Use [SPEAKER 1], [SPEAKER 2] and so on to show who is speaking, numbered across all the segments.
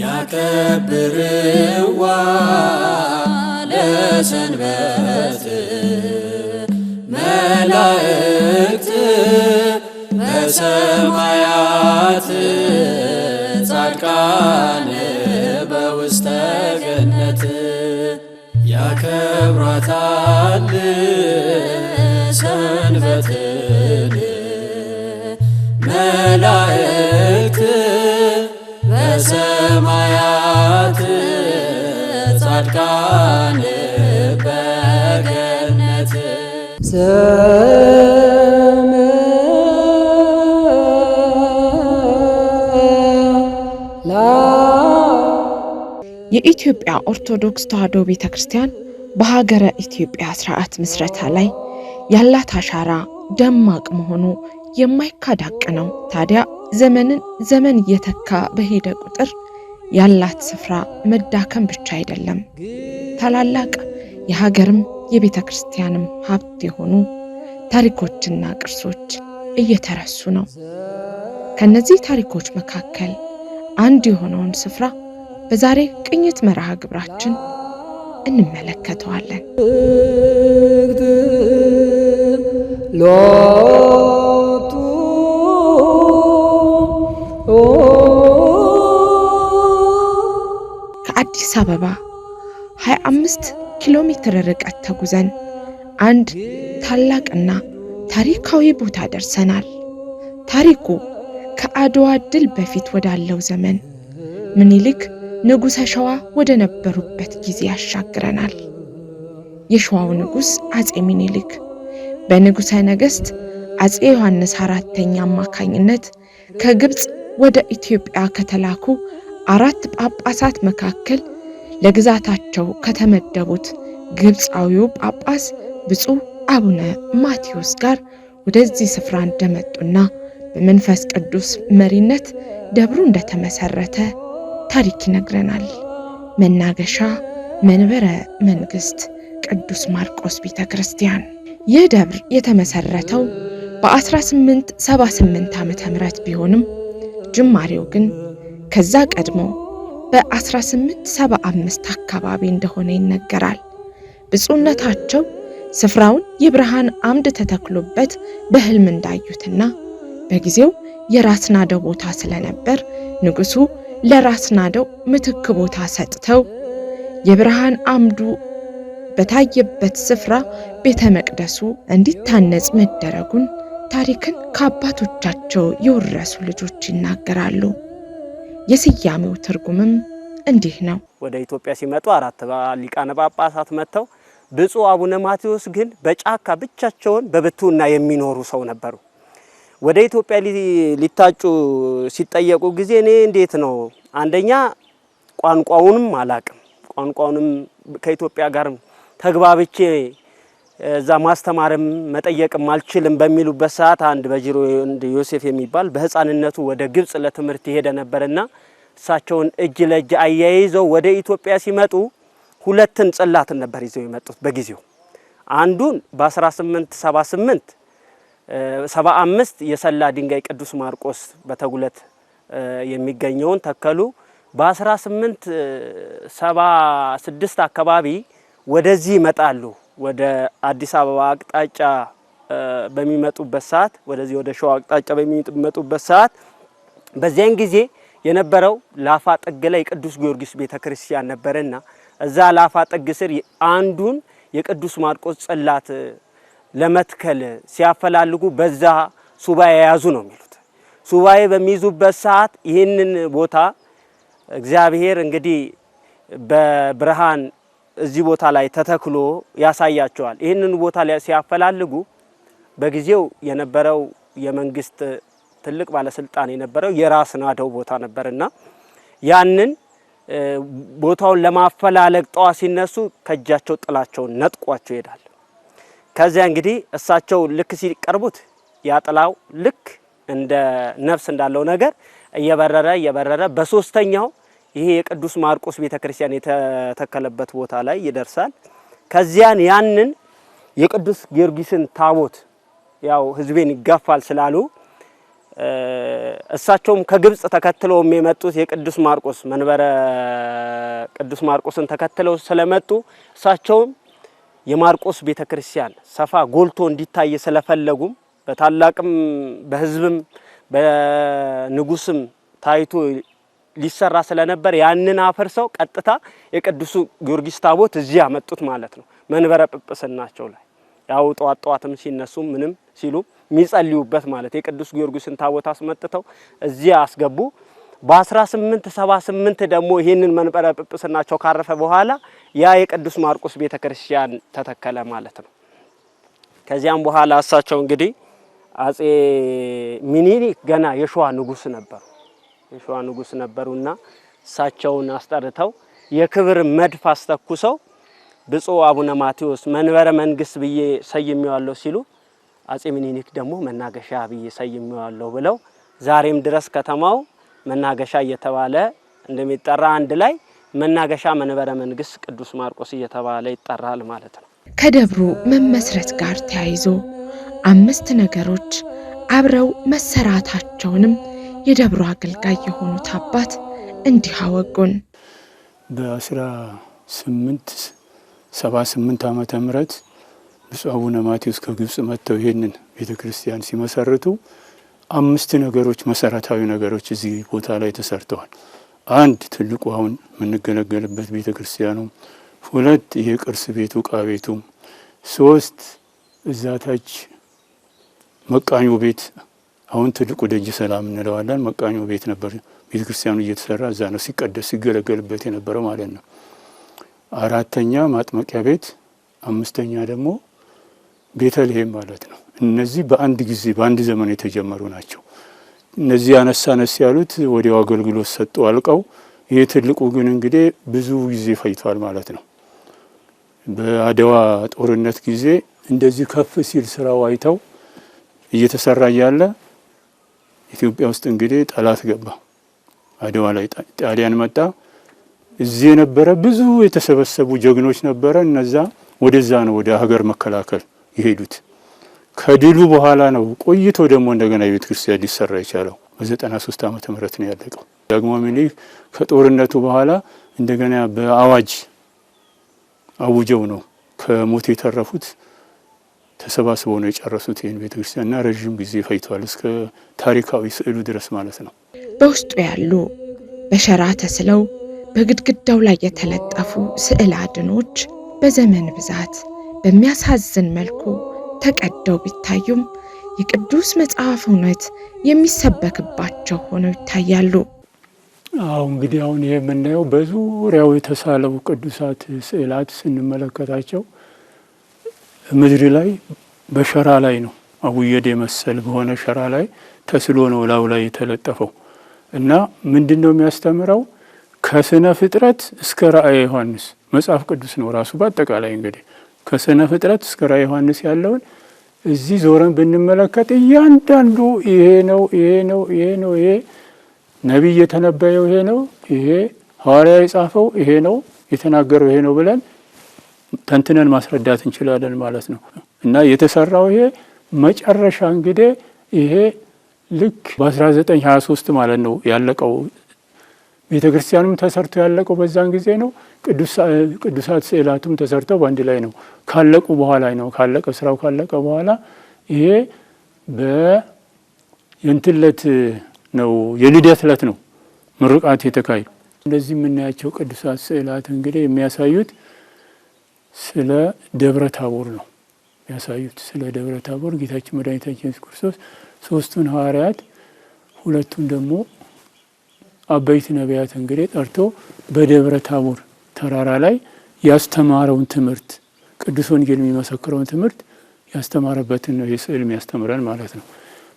[SPEAKER 1] ያከብርዋ ለሰንበት መላእክት በሰማያት ጻድቃን በውስተ ገነት ሰንበትን መላእክት ሰማያት ጻድቃን በገነት
[SPEAKER 2] የኢትዮጵያ ኦርቶዶክስ ተዋሕዶ ቤተ ክርስቲያን በሀገረ ኢትዮጵያ ስርዓት ምስረታ ላይ ያላት አሻራ ደማቅ መሆኑ የማይካድ ነው። ታዲያ ዘመንን ዘመን እየተካ በሄደ ቁጥር ያላት ስፍራ መዳከም ብቻ አይደለም፣ ታላላቅ የሀገርም የቤተ ክርስቲያንም ሀብት የሆኑ ታሪኮችና ቅርሶች እየተረሱ ነው። ከነዚህ ታሪኮች መካከል አንድ የሆነውን ስፍራ በዛሬ ቅኝት መርሃ ግብራችን እንመለከተዋለን። አዲስ አበባ 25 ኪሎ ሜትር ርቀት ተጉዘን አንድ ታላቅና ታሪካዊ ቦታ ደርሰናል። ታሪኩ ከአድዋ ድል በፊት ወዳለው ዘመን ምኒልክ ንጉሠ ሸዋ ወደ ነበሩበት ጊዜ ያሻግረናል። የሸዋው ንጉሥ አጼ ምኒልክ በንጉሠ ነገሥት አጼ ዮሐንስ አራተኛ አማካኝነት ከግብፅ ወደ ኢትዮጵያ ከተላኩ አራት ጳጳሳት መካከል ለግዛታቸው ከተመደቡት ግብፃዊው ጳጳስ ብፁዕ አቡነ ማቴዎስ ጋር ወደዚህ ስፍራ እንደመጡና በመንፈስ ቅዱስ መሪነት ደብሩ እንደተመሰረተ ታሪክ ይነግረናል። መናገሻ መንበረ መንግስት ቅዱስ ማርቆስ ቤተ ክርስቲያን። ይህ ደብር የተመሰረተው በ1878 ም ቢሆንም ጅማሬው ግን ከዛ ቀድሞ በ1875 አካባቢ እንደሆነ ይነገራል። ብፁዕነታቸው ስፍራውን የብርሃን አምድ ተተክሎበት በህልም እንዳዩትና በጊዜው የራስ ናደው ቦታ ስለነበር ንጉሱ ለራስ ናደው ምትክ ቦታ ሰጥተው የብርሃን አምዱ በታየበት ስፍራ ቤተ መቅደሱ እንዲታነጽ መደረጉን ታሪክን ከአባቶቻቸው የወረሱ ልጆች ይናገራሉ። የስያሜው ትርጉምም እንዲህ ነው።
[SPEAKER 1] ወደ ኢትዮጵያ ሲመጡ አራት ሊቃነ ጳጳሳት መጥተው ብፁዕ አቡነ ማቴዎስ ግን በጫካ ብቻቸውን በብትውና የሚኖሩ ሰው ነበሩ። ወደ ኢትዮጵያ ሊታጩ ሲጠየቁ ጊዜ እኔ እንዴት ነው አንደኛ ቋንቋውንም አላቅም ቋንቋውንም ከኢትዮጵያ ጋር ተግባብቼ እዛ ማስተማርም መጠየቅም አልችልም በሚሉበት ሰዓት አንድ በጅሮ ዮሴፍ የሚባል በህፃንነቱ ወደ ግብጽ ለትምህርት ይሄደ ነበርና እሳቸውን እጅ ለእጅ አያይዘው ወደ ኢትዮጵያ ሲመጡ ሁለትን ጽላትን ነበር ይዘው የመጡት በጊዜው አንዱን በ1878 75 የሰላ ድንጋይ ቅዱስ ማርቆስ በተጉለት የሚገኘውን ተከሉ። በ1876 አካባቢ ወደዚህ ይመጣሉ። ወደ አዲስ አበባ አቅጣጫ በሚመጡበት ሰዓት ወደዚህ ወደ ሸዋ አቅጣጫ በሚመጡበት ሰዓት በዚያን ጊዜ የነበረው ላፋ ጥግ ላይ ቅዱስ ጊዮርጊስ ቤተ ክርስቲያን ነበረና እዛ ላፋ ጥግ ስር አንዱን የቅዱስ ማርቆስ ጽላት ለመትከል ሲያፈላልጉ በዛ ሱባኤ የያዙ ነው የሚሉት። ሱባኤ በሚይዙበት ሰዓት ይህንን ቦታ እግዚአብሔር እንግዲህ በብርሃን እዚህ ቦታ ላይ ተተክሎ ያሳያቸዋል። ይህንን ቦታ ሲያፈላልጉ በጊዜው የነበረው የመንግስት ትልቅ ባለስልጣን የነበረው የራስ ናደው ቦታ ነበርና ያንን ቦታውን ለማፈላለግ ጠዋት ሲነሱ ከእጃቸው ጥላቸውን ነጥቋቸው ይሄዳል። ከዚያ እንግዲህ እሳቸው ልክ ሲቀርቡት ያጥላው ልክ እንደ ነፍስ እንዳለው ነገር እየበረረ እየበረረ በሶስተኛው ይሄ የቅዱስ ማርቆስ ቤተክርስቲያን የተተከለበት ቦታ ላይ ይደርሳል። ከዚያን ያንን የቅዱስ ጊዮርጊስን ታቦት ያው ህዝቤን ይጋፋል ስላሉ እሳቸውም ከግብጽ ተከትለውም የመጡት የቅዱስ ማርቆስ መንበረ ቅዱስ ማርቆስን ተከትለው ስለመጡ እሳቸውም የማርቆስ ቤተክርስቲያን ሰፋ ጎልቶ እንዲታይ ስለፈለጉም በታላቅም በህዝብም በንጉስም ታይቶ ሊሰራ ስለነበር ያንን አፈርሰው ቀጥታ የቅዱስ ጊዮርጊስ ታቦት እዚህ ያመጡት ማለት ነው። መንበረ ጵጵስናቸው ላይ ያው ጠዋት ጠዋትም ሲነሱ ምንም ሲሉ የሚጸልዩበት ማለት የቅዱስ ጊዮርጊስን ታቦት አስመጥተው እዚህ አስገቡ። በ1878 ደግሞ ይህንን መንበረ ጵጵስናቸው ካረፈ በኋላ ያ የቅዱስ ማርቆስ ቤተ ክርስቲያን ተተከለ ማለት ነው። ከዚያም በኋላ እሳቸው እንግዲህ አጼ ሚኒሊክ ገና የሸዋ ንጉስ ነበሩ። የሸዋ ንጉስ ነበሩና እሳቸውን አስጠርተው የክብር መድፍ አስተኩሰው ብፁዕ አቡነ ማቴዎስ መንበረ መንግስት ብዬ ሰይሜዋለሁ ሲሉ አጼ ምኒልክ ደግሞ መናገሻ ብዬ ሰይሜዋለሁ ብለው ዛሬም ድረስ ከተማው መናገሻ እየተባለ እንደሚጠራ አንድ ላይ መናገሻ መንበረ መንግስት ቅዱስ ማርቆስ እየተባለ ይጠራል ማለት ነው።
[SPEAKER 2] ከደብሩ መመስረት ጋር ተያይዞ አምስት ነገሮች አብረው መሰራታቸውንም የደብሮ አገልጋይ የሆኑት አባት እንዲህ አወጉን።
[SPEAKER 3] በ1878 ዓመተ ምህረት ብፁዕ አቡነ ማቴዎስ ከግብፅ መጥተው ይህንን ቤተ ክርስቲያን ሲመሰርቱ አምስት ነገሮች መሰረታዊ ነገሮች እዚህ ቦታ ላይ ተሰርተዋል። አንድ ትልቁ አሁን የምንገለገልበት ቤተ ክርስቲያኑ፣ ሁለት የቅርስ ቤቱ እቃ ቤቱ፣ ሶስት እዛታች መቃኙ ቤት አሁን ትልቁ ደጅ ሰላም እንለዋለን። መቃኞ ቤት ነበር ቤተ ክርስቲያኑ እየተሰራ እዛ ነው ሲቀደስ ሲገለገልበት የነበረው ማለት ነው። አራተኛ ማጥመቂያ ቤት፣ አምስተኛ ደግሞ ቤተልሔም ማለት ነው። እነዚህ በአንድ ጊዜ በአንድ ዘመን የተጀመሩ ናቸው። እነዚህ አነሳ ነስ ያሉት ወዲያው አገልግሎት ሰጡ አልቀው፣ ይህ ትልቁ ግን እንግዲህ ብዙ ጊዜ ፈጅቷል ማለት ነው። በአድዋ ጦርነት ጊዜ እንደዚህ ከፍ ሲል ስራው አይተው እየተሰራ እያለ ኢትዮጵያ ውስጥ እንግዲህ ጠላት ገባ፣ አድዋ ላይ ጣሊያን መጣ። እዚህ የነበረ ብዙ የተሰበሰቡ ጀግኖች ነበረ። እነዛ ወደዛ ነው ወደ ሀገር መከላከል የሄዱት። ከድሉ በኋላ ነው ቆይቶ ደግሞ እንደገና የቤተ ክርስቲያን ሊሰራ የቻለው በዘጠና ሶስት ዓመተ ምህረት ነው ያለቀው። ዳግማዊ ምኒልክ ከጦርነቱ በኋላ እንደገና በአዋጅ አውጀው ነው ከሞት የተረፉት። ተሰባስበው ነው የጨረሱት ይህን ቤተክርስቲያንና ረዥም ጊዜ ፈይቷል። እስከ ታሪካዊ ስዕሉ ድረስ ማለት ነው።
[SPEAKER 2] በውስጡ ያሉ በሸራ ተስለው በግድግዳው ላይ የተለጠፉ ስዕል አድኖች በዘመን ብዛት በሚያሳዝን መልኩ ተቀደው ቢታዩም የቅዱስ መጽሐፍ እውነት የሚሰበክባቸው ሆነው ይታያሉ።
[SPEAKER 3] አሁ እንግዲህ አሁን ይህ የምናየው በዙሪያው የተሳለው ቅዱሳት ስዕላት ስንመለከታቸው ምድር ላይ በሸራ ላይ ነው አቡየዴ መሰል በሆነ ሸራ ላይ ተስሎ ነው ላው ላይ የተለጠፈው እና ምንድን ነው የሚያስተምረው? ከስነ ፍጥረት እስከ ራእየ ዮሐንስ መጽሐፍ ቅዱስ ነው ራሱ በአጠቃላይ እንግዲህ ከስነ ፍጥረት እስከ ራእየ ዮሐንስ ያለውን እዚህ ዞረን ብንመለከት እያንዳንዱ ይሄ ነው ይሄ ነው ይሄ ነው ይሄ ነቢይ የተነበየው ይሄ ነው ይሄ ሐዋርያ የጻፈው ይሄ ነው የተናገረው ይሄ ነው ብለን ተንትነን ማስረዳት እንችላለን ማለት ነው። እና የተሰራው ይሄ መጨረሻ እንግዲህ ይሄ ልክ በ1923 ማለት ነው ያለቀው። ቤተ ክርስቲያኑም ተሰርቶ ያለቀው በዛን ጊዜ ነው። ቅዱሳት ስዕላቱም ተሰርተው በአንድ ላይ ነው ካለቁ በኋላ ነው ካለቀ ስራው ካለቀ በኋላ ይሄ በየንትለት ነው የልደት ዕለት ነው ምርቃት የተካሄዱ። እንደዚህ የምናያቸው ቅዱሳት ስዕላት እንግዲህ የሚያሳዩት ስለ ደብረ ታቦር ነው ያሳዩት። ስለ ደብረ ታቦር ጌታችን መድኃኒታችን ኢየሱስ ክርስቶስ ሶስቱን ሐዋርያት ሁለቱን ደግሞ አበይት ነቢያት እንግዲህ ጠርቶ በደብረ ታቦር ተራራ ላይ ያስተማረውን ትምህርት ቅዱስ ወንጌል የሚመሰክረውን ትምህርት ያስተማረበትን ነው የስዕል የሚያስተምረን ማለት ነው።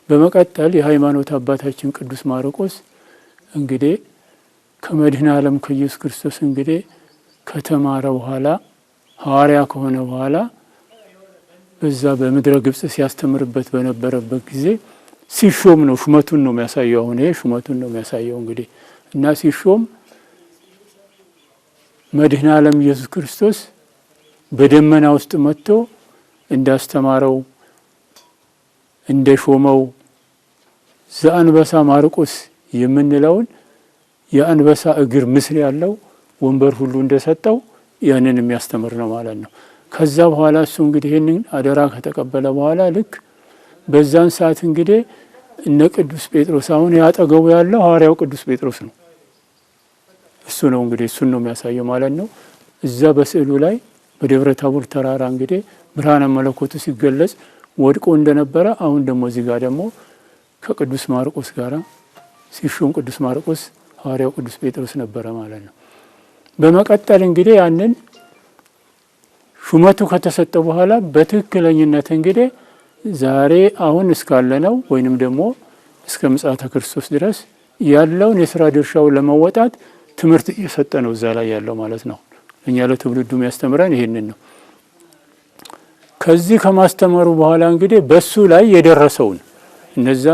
[SPEAKER 3] በመቀጠል የሃይማኖት አባታችን ቅዱስ ማርቆስ እንግዲህ ከመድህን ዓለም ከኢየሱስ ክርስቶስ እንግዲህ ከተማረ በኋላ ሐዋርያ ከሆነ በኋላ በዛ በምድረ ግብጽ ሲያስተምርበት በነበረበት ጊዜ ሲሾም ነው ሹመቱን ነው የሚያሳየው። አሁን ይሄ ሹመቱን ነው የሚያሳየው እንግዲህ እና ሲሾም መድህን ዓለም ኢየሱስ ክርስቶስ በደመና ውስጥ መጥቶ እንዳስተማረው እንደ ሾመው ዘአንበሳ ማርቆስ የምንለውን የአንበሳ እግር ምስል ያለው ወንበር ሁሉ እንደሰጠው ያንን የሚያስተምር ነው ማለት ነው። ከዛ በኋላ እሱ እንግዲህ ይህንን አደራ ከተቀበለ በኋላ ልክ በዛን ሰዓት እንግዲህ እነ ቅዱስ ጴጥሮስ አሁን ያጠገቡ ያለው ሐዋርያው ቅዱስ ጴጥሮስ ነው። እሱ ነው እንግዲህ እሱን ነው የሚያሳየው ማለት ነው። እዛ በስዕሉ ላይ በደብረ ታቦር ተራራ እንግዲህ ብርሃነ መለኮቱ ሲገለጽ ወድቆ እንደነበረ አሁን ደግሞ እዚህ ጋር ደግሞ ከቅዱስ ማርቆስ ጋር ሲሹም ቅዱስ ማርቆስ ሐዋርያው ቅዱስ ጴጥሮስ ነበረ ማለት ነው። በመቀጠል እንግዲህ ያንን ሹመቱ ከተሰጠ በኋላ በትክክለኝነት እንግዲህ ዛሬ አሁን እስካለነው ወይንም ደግሞ እስከ ምጽአተ ክርስቶስ ድረስ ያለውን የስራ ድርሻው ለመወጣት ትምህርት እየሰጠ ነው እዛ ላይ ያለው ማለት ነው። እኛ ለትውልዱ የሚያስተምረን ይህንን ነው። ከዚህ ከማስተማሩ በኋላ እንግዲህ በሱ ላይ የደረሰውን እነዛ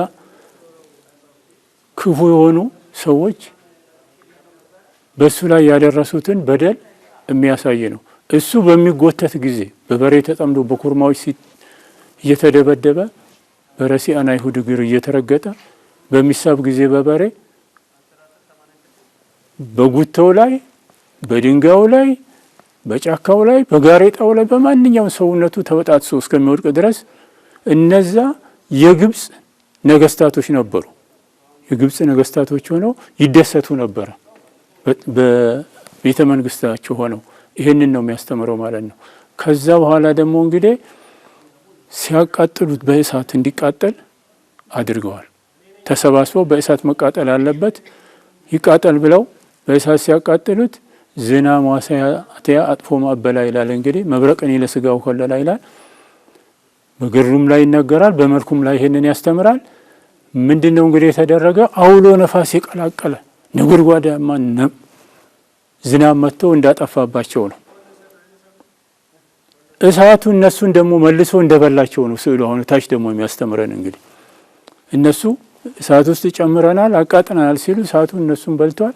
[SPEAKER 3] ክፉ የሆኑ ሰዎች በእሱ ላይ ያደረሱትን በደል የሚያሳይ ነው። እሱ በሚጎተት ጊዜ በበሬ ተጠምዶ በኩርማዎች እየተደበደበ በረሲአን አይሁድ እግር እየተረገጠ በሚሳብ ጊዜ በበሬ በጉተው ላይ በድንጋዩ ላይ በጫካው ላይ በጋሬጣው ላይ በማንኛውም ሰውነቱ ተበጣጥሶ እስከሚወድቅ ድረስ እነዛ የግብፅ ነገስታቶች ነበሩ። የግብፅ ነገስታቶች ሆነው ይደሰቱ ነበረ። በቤተ መንግስታቸው ሆነው ይህንን ነው የሚያስተምረው ማለት ነው። ከዛ በኋላ ደግሞ እንግዲህ ሲያቃጥሉት በእሳት እንዲቃጠል አድርገዋል። ተሰባስበው በእሳት መቃጠል አለበት ይቃጠል ብለው በእሳት ሲያቃጥሉት ዝና ማሳያትያ አጥፎ ማበላ ይላል እንግዲህ መብረቅን ለስጋው ከለላ ይላል። በግሩም ላይ ይነገራል፣ በመልኩም ላይ ይህንን ያስተምራል። ምንድን ነው እንግዲህ የተደረገ አውሎ ነፋስ የቀላቀለ ነጎድጓዳማ ዝናብ መጥቶ እንዳጠፋባቸው ነው። እሳቱ እነሱን ደግሞ መልሶ እንደበላቸው ነው ስዕሉ። አሁን ታች ደግሞ የሚያስተምረን እንግዲህ እነሱ እሳት ውስጥ ጨምረናል አቃጥናል ሲሉ እሳቱ እነሱን በልቷል።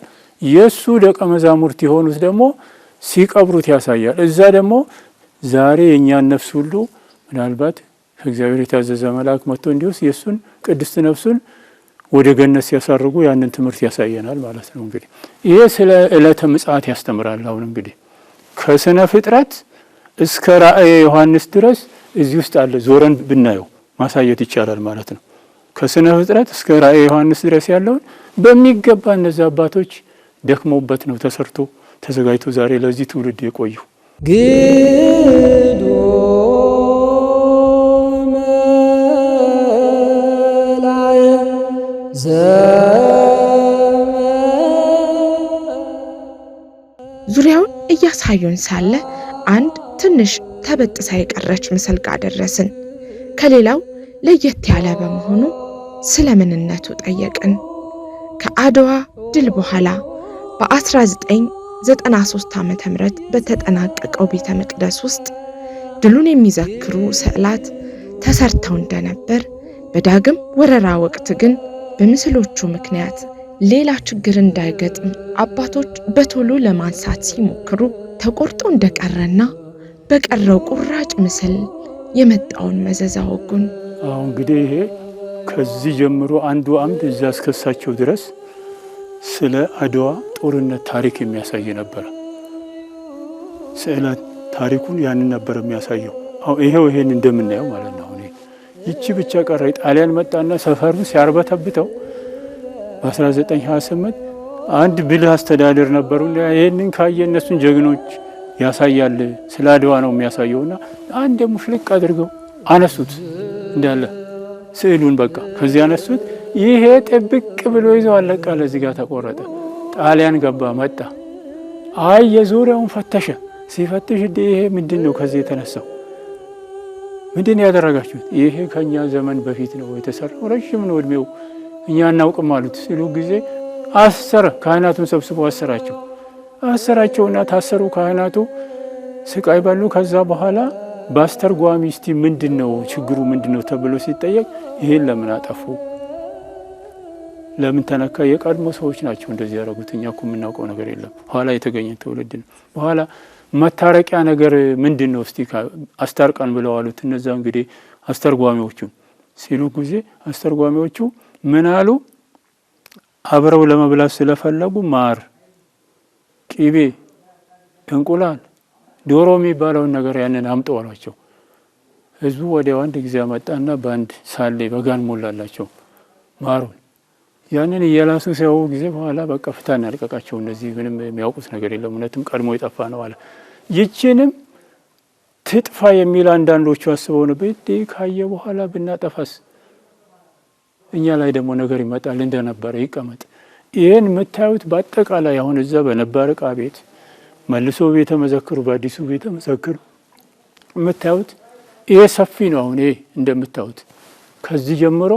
[SPEAKER 3] የእሱ ደቀ መዛሙርት የሆኑት ደግሞ ሲቀብሩት ያሳያል። እዛ ደግሞ ዛሬ የእኛን ነፍስ ሁሉ ምናልባት ከእግዚአብሔር የታዘዘ መልአክ መጥቶ እንዲወስድ የእሱን ቅድስት ነፍሱን ወደ ገነት ሲያሳርጉ ያንን ትምህርት ያሳየናል ማለት ነው። እንግዲህ ይሄ ስለ ዕለተ ምጽአት ያስተምራል። አሁን እንግዲህ ከስነ ፍጥረት እስከ ራእየ ዮሐንስ ድረስ እዚህ ውስጥ አለ። ዞረን ብናየው ማሳየት ይቻላል ማለት ነው። ከስነ ፍጥረት እስከ ራእየ ዮሐንስ ድረስ ያለውን በሚገባ እነዚህ አባቶች ደክመውበት ነው ተሰርቶ ተዘጋጅቶ ዛሬ ለዚህ ትውልድ የቆየው ግዶ
[SPEAKER 2] ዙሪያውን እያሳዩን ሳለ አንድ ትንሽ ተበጥሳ የቀረች ምስል ጋር ደረስን። ከሌላው ለየት ያለ በመሆኑ ስለ ምንነቱ ጠየቅን። ከአድዋ ድል በኋላ በ1993 ም በተጠናቀቀው ቤተ መቅደስ ውስጥ ድሉን የሚዘክሩ ስዕላት ተሰርተው እንደነበር፣ በዳግም ወረራ ወቅት ግን በምስሎቹ ምክንያት ሌላ ችግር እንዳይገጥም አባቶች በቶሎ ለማንሳት ሲሞክሩ ተቆርጦ እንደቀረና በቀረው ቁራጭ ምስል የመጣውን መዘዝ አወጉን።
[SPEAKER 3] አሁን እንግዲህ ይሄ ከዚህ ጀምሮ አንዱ አምድ እዚያ እስከሳቸው ድረስ ስለ አድዋ ጦርነት ታሪክ የሚያሳይ ነበረ። ስዕለ ታሪኩን ያንን ነበር የሚያሳየው። ይሄው ይሄን እንደምናየው ማለት ነው። ይቺ ብቻ ቀረ። ጣሊያን መጣና ሰፈሩ ሲያርበተብተው በ1928 አንድ ብልህ አስተዳደር ነበሩ። ይህንን ካየ እነሱን ጀግኖች ያሳያል። ስለ አድዋ ነው የሚያሳየውና አንድ ሙሽልቅ አድርገው አነሱት እንዳለ ስዕሉን በቃ ከዚህ አነሱት። ይሄ ጥብቅ ብሎ ይዘው አለቃ ለዚህ ጋር ተቆረጠ። ጣሊያን ገባ መጣ። አይ የዙሪያውን ፈተሸ። ሲፈትሽ ይሄ ምንድን ነው ከዚህ የተነሳው ምንድን ያደረጋችሁት? ይሄ ከእኛ ዘመን በፊት ነው የተሰራው፣ ረዥም ነው እድሜው፣ እኛ እናውቅም አሉት ሲሉ ጊዜ አሰረ። ካህናቱን ሰብስቦ አሰራቸው። አሰራቸውና ታሰሩ ካህናቱ ስቃይ ባሉ። ከዛ በኋላ በአስተርጓሚ እስቲ ምንድን ነው ችግሩ ምንድን ነው ተብሎ ሲጠየቅ ይህን ለምን አጠፉ ለምን ተነካ? የቀድሞ ሰዎች ናቸው እንደዚህ ያደረጉት። እኛ እኮ የምናውቀው ነገር የለም። በኋላ የተገኘ ትውልድ ነው። በኋላ መታረቂያ ነገር ምንድን ነው? እስቲ አስታርቀን ብለው አሉት። እነዛ እንግዲህ አስተርጓሚዎቹ ሲሉ ጊዜ አስተርጓሚዎቹ ምን አሉ? አብረው ለመብላት ስለፈለጉ ማር፣ ቂቤ፣ እንቁላል፣ ዶሮ የሚባለውን ነገር ያንን አምጠው አሏቸው። ህዝቡ ወዲያው አንድ ጊዜ መጣና በአንድ ሳሌ በጋን ሞላላቸው ማሩን ያንን እየላሱ ሲያው ጊዜ በኋላ በቃ ፍታ እናልቀቃቸው፣ እነዚህ ምንም የሚያውቁት ነገር የለም፣ እውነትም ቀድሞ የጠፋ ነው አለ። ይችንም ትጥፋ የሚል አንዳንዶቹ አስበው ነው ካየ በኋላ ብናጠፋስ እኛ ላይ ደግሞ ነገር ይመጣል እንደነበረ ይቀመጥ። ይህን የምታዩት በአጠቃላይ አሁን እዛ በነባር ዕቃ ቤት መልሶ ቤተ መዘክሩ በአዲሱ ቤተ መዘክሩ የምታዩት ይሄ ሰፊ ነው። አሁን ይሄ እንደምታዩት ከዚህ ጀምሮ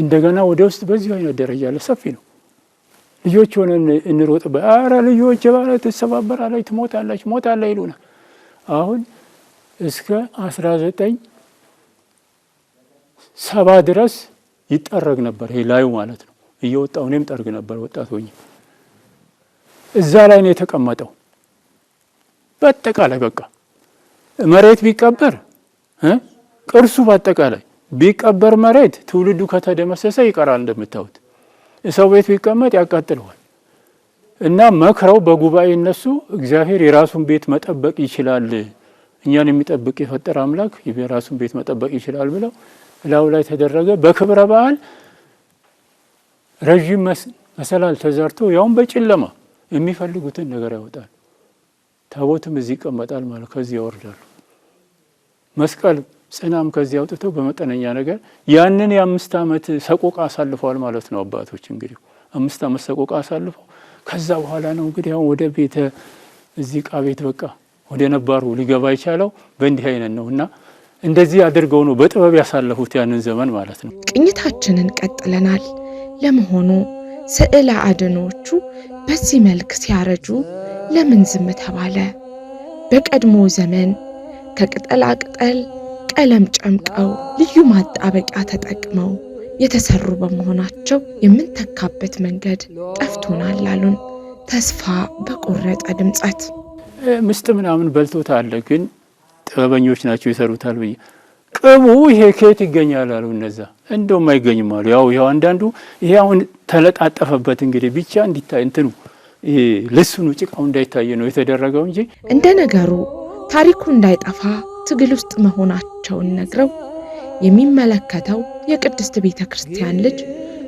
[SPEAKER 3] እንደገና ወደ ውስጥ በዚህ አይነት ደረጃ አለ። ሰፊ ነው። ልጆች ሆነን እንሮጥ። በአረ ልጆች ባለ ትሰባበራለች፣ ትሞታለች፣ ሞታለ ይሉና አሁን እስከ አስራ ዘጠኝ ሰባ ድረስ ይጠረግ ነበር። ይሄ ላዩ ማለት ነው እየወጣው እኔም ጠርግ ነበር ወጣት ሆኜ እዛ ላይ ነው የተቀመጠው። በአጠቃላይ በቃ መሬት ቢቀበር ቅርሱ በአጠቃላይ ቢቀበር መሬት ትውልዱ ከተደመሰሰ ይቀራል። እንደምታዩት ሰው ቤት ቢቀመጥ ያቃጥለዋል። እና መክረው በጉባኤ እነሱ እግዚአብሔር የራሱን ቤት መጠበቅ ይችላል፣ እኛን የሚጠብቅ የፈጠረ አምላክ የራሱን ቤት መጠበቅ ይችላል ብለው እላው ላይ ተደረገ። በክብረ በዓል ረዥም መሰላል ተዘርቶ ያውም በጨለማ የሚፈልጉትን ነገር ያወጣል። ታቦትም እዚህ ይቀመጣል ማለት ከዚህ ያወርዳሉ መስቀል ጽናም ከዚህ አውጥተው በመጠነኛ ነገር ያንን የአምስት ዓመት ሰቆቃ አሳልፈዋል ማለት ነው። አባቶች እንግዲህ አምስት ዓመት ሰቆቃ አሳልፈው ከዛ በኋላ ነው እንግዲህ አሁን ወደ ቤተ እዚህ ቃ ቤት በቃ ወደ ነባሩ ሊገባ የቻለው በእንዲህ አይነት ነው እና እንደዚህ አድርገው ነው በጥበብ ያሳለፉት ያንን ዘመን ማለት ነው።
[SPEAKER 2] ቅኝታችንን ቀጥለናል። ለመሆኑ ስዕለ አድኖቹ በዚህ መልክ ሲያረጁ ለምን ዝም ተባለ? በቀድሞ ዘመን ከቅጠላ ቅጠል ቀለም ጨምቀው ልዩ ማጣበቂያ ተጠቅመው የተሰሩ በመሆናቸው የምንተካበት መንገድ ጠፍቶናል አሉን። ተስፋ በቆረጠ ድምጸት
[SPEAKER 3] ምስጥ ምናምን በልቶታል፣ ግን ጥበበኞች ናቸው ይሰሩታል ብዬ ቅቡ ይሄ ከየት ይገኛል አሉ እነዛ። እንደውም አይገኝም አሉ። ያው ይኸው አንዳንዱ ይሄ አሁን ተለጣጠፈበት እንግዲህ ብቻ እንዲታይ እንትኑ ልስኑ ጭቃው እንዳይታየ ነው የተደረገው እንጂ
[SPEAKER 2] እንደ ነገሩ ታሪኩ እንዳይጠፋ ትግል ውስጥ መሆናቸውን ነግረው የሚመለከተው የቅድስት ቤተ ክርስቲያን ልጅ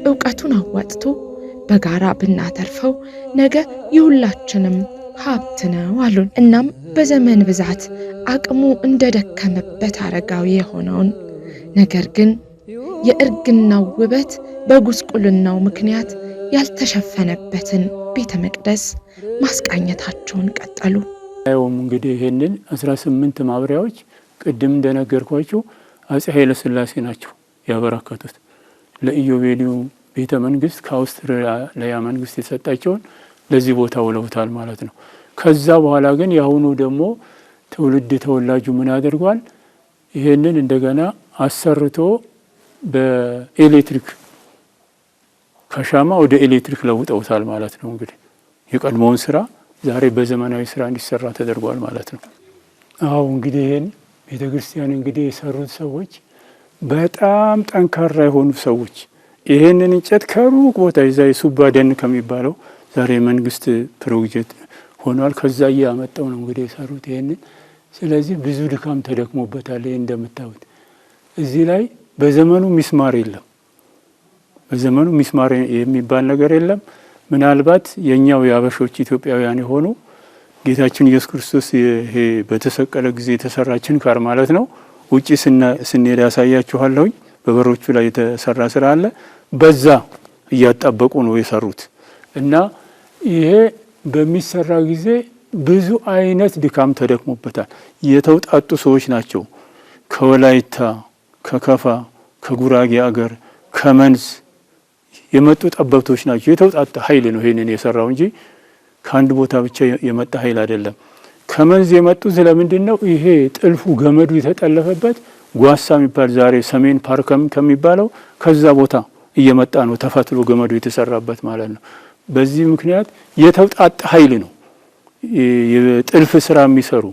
[SPEAKER 2] እውቀቱን አዋጥቶ በጋራ ብናተርፈው ነገ የሁላችንም ሀብት ነው አሉን። እናም በዘመን ብዛት አቅሙ እንደደከመበት አረጋዊ የሆነውን ነገር ግን የእርግናው ውበት በጉስቁልናው ምክንያት ያልተሸፈነበትን ቤተ መቅደስ ማስቃኘታቸውን ቀጠሉ።
[SPEAKER 3] እንግዲህ ይህንን 18 ማብሪያዎች ቅድም እንደነገርኳቸው አጼ ኃይለ ሥላሴ ናቸው ያበረከቱት። ለኢዮቤልዩ ቤተ መንግስት ከአውስትራሊያ መንግስት የሰጣቸውን ለዚህ ቦታ ውለውታል ማለት ነው። ከዛ በኋላ ግን የአሁኑ ደግሞ ትውልድ ተወላጁ ምን አድርጓል? ይህንን እንደገና አሰርቶ በኤሌክትሪክ ከሻማ ወደ ኤሌክትሪክ ለውጠውታል ማለት ነው። እንግዲህ የቀድሞውን ስራ ዛሬ በዘመናዊ ስራ እንዲሰራ ተደርጓል ማለት ነው። አሁ እንግዲህ ይህን ቤተ ክርስቲያን እንግዲህ የሰሩት ሰዎች በጣም ጠንካራ የሆኑ ሰዎች ይህንን እንጨት ከሩቅ ቦታ ይዛ የሱባ ደን ከሚባለው ዛሬ መንግስት ፕሮጀክት ሆኗል። ከዛ እያመጣው ነው እንግዲህ የሰሩት ይህንን። ስለዚህ ብዙ ድካም ተደክሞበታል። ይህ እንደምታዩት እዚህ ላይ በዘመኑ ሚስማር የለም። በዘመኑ ሚስማር የሚባል ነገር የለም። ምናልባት የእኛው የአበሾች ኢትዮጵያውያን የሆኑ ጌታችን ኢየሱስ ክርስቶስ ይሄ በተሰቀለ ጊዜ የተሰራችን ችንካር ማለት ነው። ውጪ ስንሄድ ያሳያችኋለሁኝ። በበሮቹ ላይ የተሰራ ስራ አለ። በዛ እያጣበቁ ነው የሰሩት እና ይሄ በሚሰራ ጊዜ ብዙ አይነት ድካም ተደክሞበታል። የተውጣጡ ሰዎች ናቸው። ከወላይታ፣ ከከፋ፣ ከጉራጌ አገር፣ ከመንዝ የመጡ ጠበብቶች ናቸው። የተውጣጣ ኃይል ነው ይህንን የሰራው እንጂ ከአንድ ቦታ ብቻ የመጣ ኃይል አይደለም። ከመንዝ የመጡ ስለምንድን ነው? ይሄ ጥልፉ ገመዱ የተጠለፈበት ጓሳ የሚባል ዛሬ ሰሜን ፓርክ ከሚባለው ከዛ ቦታ እየመጣ ነው ተፈትሎ ገመዱ የተሰራበት ማለት ነው። በዚህ ምክንያት የተውጣጥ ኃይል ነው። የጥልፍ ስራ የሚሰሩ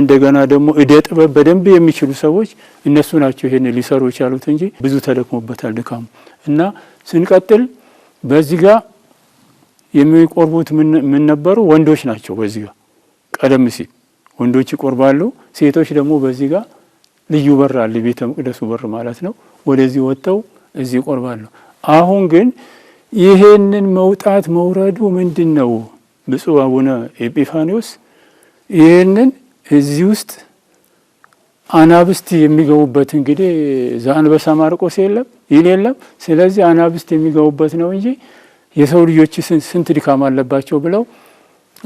[SPEAKER 3] እንደገና ደግሞ እደ ጥበብ በደንብ የሚችሉ ሰዎች እነሱ ናቸው ይሄን ሊሰሩ የቻሉት እንጂ ብዙ ተደክሞበታል ድካሙ እና ስንቀጥል በዚህ ጋር የሚቆርቡት ምን ነበሩ? ወንዶች ናቸው። በዚህ ጋር ቀደም ሲል ወንዶች ይቆርባሉ፣ ሴቶች ደግሞ በዚህ ጋር ልዩ በር አለ፣ ቤተ መቅደሱ በር ማለት ነው። ወደዚህ ወጥተው እዚህ ይቆርባሉ። አሁን ግን ይሄንን መውጣት መውረዱ ምንድን ነው? ብፁዕ አቡነ ኤጲፋኒዎስ ይህንን እዚህ ውስጥ አናብስት የሚገቡበት እንግዲህ ዛንበሳ ማርቆስ የለም ይል የለም። ስለዚህ አናብስት የሚገቡበት ነው እንጂ የሰው ልጆች ስንት ድካም አለባቸው ብለው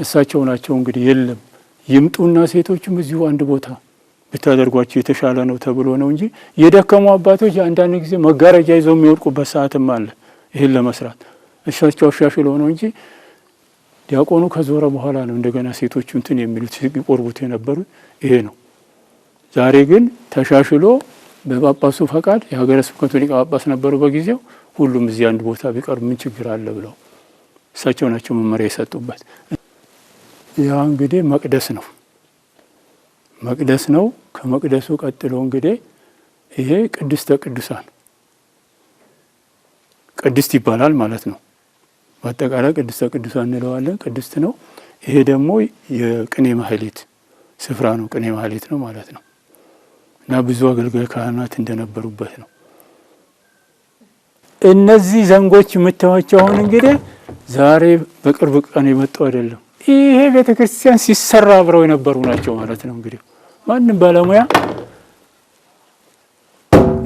[SPEAKER 3] እሳቸው ናቸው እንግዲህ የለም ይምጡና ሴቶችም እዚሁ አንድ ቦታ ብታደርጓቸው የተሻለ ነው ተብሎ ነው እንጂ የደከሙ አባቶች አንዳንድ ጊዜ መጋረጃ ይዘው የሚወድቁበት ሰዓትም አለ። ይህን ለመስራት እሳቸው አሻሽለው ነው እንጂ ዲያቆኑ ከዞረ በኋላ ነው እንደገና ሴቶቹ እንትን የሚሉት ሲቆርቡት የነበሩት ይሄ ነው። ዛሬ ግን ተሻሽሎ በጳጳሱ ፈቃድ የሀገረ ስብከቱ ሊቀ ጳጳስ ነበሩ በጊዜው ሁሉም እዚህ አንድ ቦታ ቢቀር ምን ችግር አለ ብለው እሳቸው ናቸው መመሪያ የሰጡበት። ያ እንግዲህ መቅደስ ነው መቅደስ ነው። ከመቅደሱ ቀጥሎ እንግዲህ ይሄ ቅድስተ ቅዱሳን ቅድስት ይባላል ማለት ነው። በአጠቃላይ ቅድስተ ቅዱሳን እንለዋለን። ቅድስት ነው። ይሄ ደግሞ የቅኔ ማህሌት ስፍራ ነው። ቅኔ ማህሌት ነው ማለት ነው እና ብዙ አገልጋይ ካህናት እንደነበሩበት ነው። እነዚህ ዘንጎች የምታዩቸው አሁን እንግዲህ ዛሬ በቅርብ ቀን የመጡ አይደለም። ይሄ ቤተ ክርስቲያን ሲሰራ አብረው የነበሩ ናቸው ማለት ነው። እንግዲህ ማንም ባለሙያ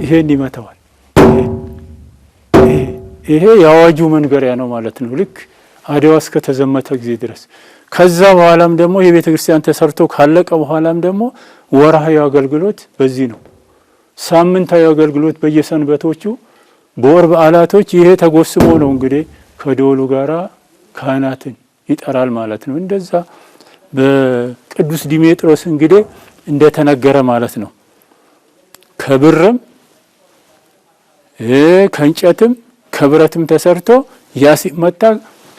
[SPEAKER 3] ይሄን ይመታዋል። ይሄ የአዋጁ መንገሪያ ነው ማለት ነው። ልክ አድዋ እስከ ተዘመተ ጊዜ ድረስ ከዛ በኋላም ደግሞ የቤተ ክርስቲያን ተሰርቶ ካለቀ በኋላም ደግሞ ወርሃዊ አገልግሎት በዚህ ነው። ሳምንታዊ አገልግሎት በየሰንበቶቹ በወር በዓላቶች ይሄ ተጎስሞ ነው እንግዲህ ከደወሉ ጋር ካህናትን ይጠራል ማለት ነው። እንደዛ በቅዱስ ዲሜጥሮስ እንግዲህ እንደተነገረ ማለት ነው። ከብርም ከእንጨትም ከብረትም ተሰርቶ ያ ሲመታ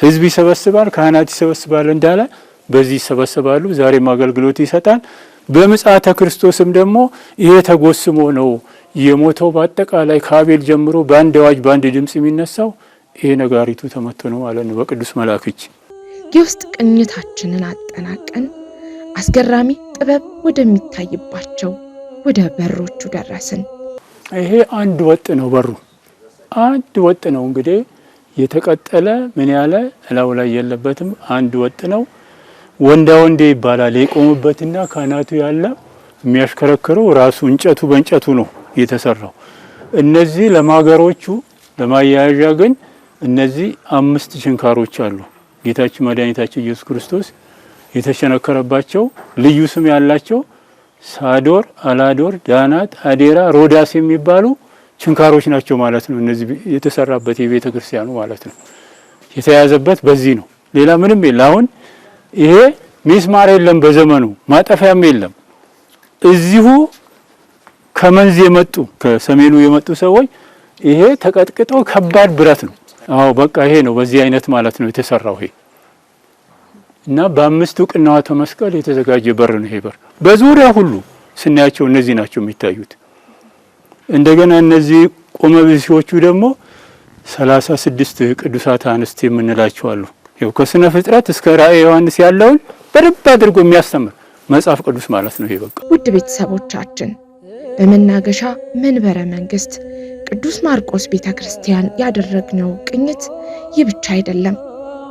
[SPEAKER 3] ህዝብ ይሰበስባል፣ ካህናት ይሰበስባል እንዳለ በዚህ ይሰበሰባሉ። ዛሬም አገልግሎት ይሰጣል። በምጽአተ ክርስቶስም ደግሞ ይሄ ተጎስሞ ነው የሞተው በአጠቃላይ ከአቤል ጀምሮ በአንድ አዋጅ በአንድ ድምፅ የሚነሳው ይሄ ነጋሪቱ ተመቶ ነው ማለት ነው። በቅዱስ መላክች
[SPEAKER 2] የውስጥ ቅኝታችንን አጠናቀን አስገራሚ ጥበብ ወደሚታይባቸው ወደ በሮቹ ደረስን።
[SPEAKER 3] ይሄ አንድ ወጥ ነው፣ በሩ አንድ ወጥ ነው። እንግዲህ የተቀጠለ ምን ያለ እላው ላይ የለበትም። አንድ ወጥ ነው። ወንዳ ወንዴ ይባላል። የቆሙበትና ካናቱ ያለ የሚያሽከረክረው ራሱ እንጨቱ በእንጨቱ ነው። የተሰራው። እነዚህ ለማገሮቹ ለማያያዣ ግን እነዚህ አምስት ችንካሮች አሉ። ጌታችን መድኃኒታችን ኢየሱስ ክርስቶስ የተሸነከረባቸው ልዩ ስም ያላቸው ሳዶር፣ አላዶር፣ ዳናት፣ አዴራ፣ ሮዳስ የሚባሉ ችንካሮች ናቸው ማለት ነው። እነዚህ የተሰራበት የቤተ ክርስቲያኑ ማለት ነው። የተያዘበት በዚህ ነው። ሌላ ምንም የለ። አሁን ይሄ ሚስማር የለም፣ በዘመኑ ማጠፊያም የለም። እዚሁ ከመንዝ የመጡ ከሰሜኑ የመጡ ሰዎች ይሄ ተቀጥቅጦ ከባድ ብረት ነው። አዎ በቃ ይሄ ነው በዚህ አይነት ማለት ነው የተሰራው ይሄ እና በአምስቱ ቅንዋተ መስቀል የተዘጋጀ በር ነው ይሄ በር። በዙሪያ ሁሉ ስናያቸው እነዚህ ናቸው የሚታዩት። እንደገና እነዚህ ቆመብሲዎቹ ደግሞ ሰላሳ ስድስት ቅዱሳት አንስት የምንላቸው አሉ። ይኸው ከስነ ፍጥረት እስከ ራእየ ዮሐንስ ያለውን በደንብ አድርጎ የሚያስተምር መጽሐፍ ቅዱስ ማለት ነው ይሄ በቃ
[SPEAKER 2] ውድ ቤተሰቦቻችን በመናገሻ መንበረ መንግስት ቅዱስ ማርቆስ ቤተ ክርስቲያን ያደረግነው ቅኝት ይህ ብቻ አይደለም።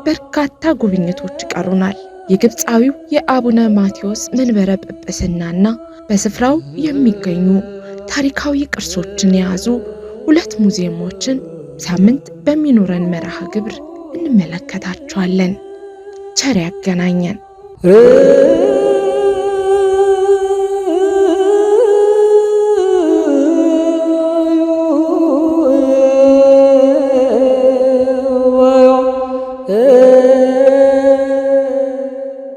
[SPEAKER 2] በርካታ ጉብኝቶች ይቀሩናል። የግብፃዊው የአቡነ ማቴዎስ መንበረ ጵጵስናና በስፍራው የሚገኙ ታሪካዊ ቅርሶችን የያዙ ሁለት ሙዚየሞችን ሳምንት በሚኖረን መርሃ ግብር እንመለከታቸዋለን። ቸር ያገናኘን።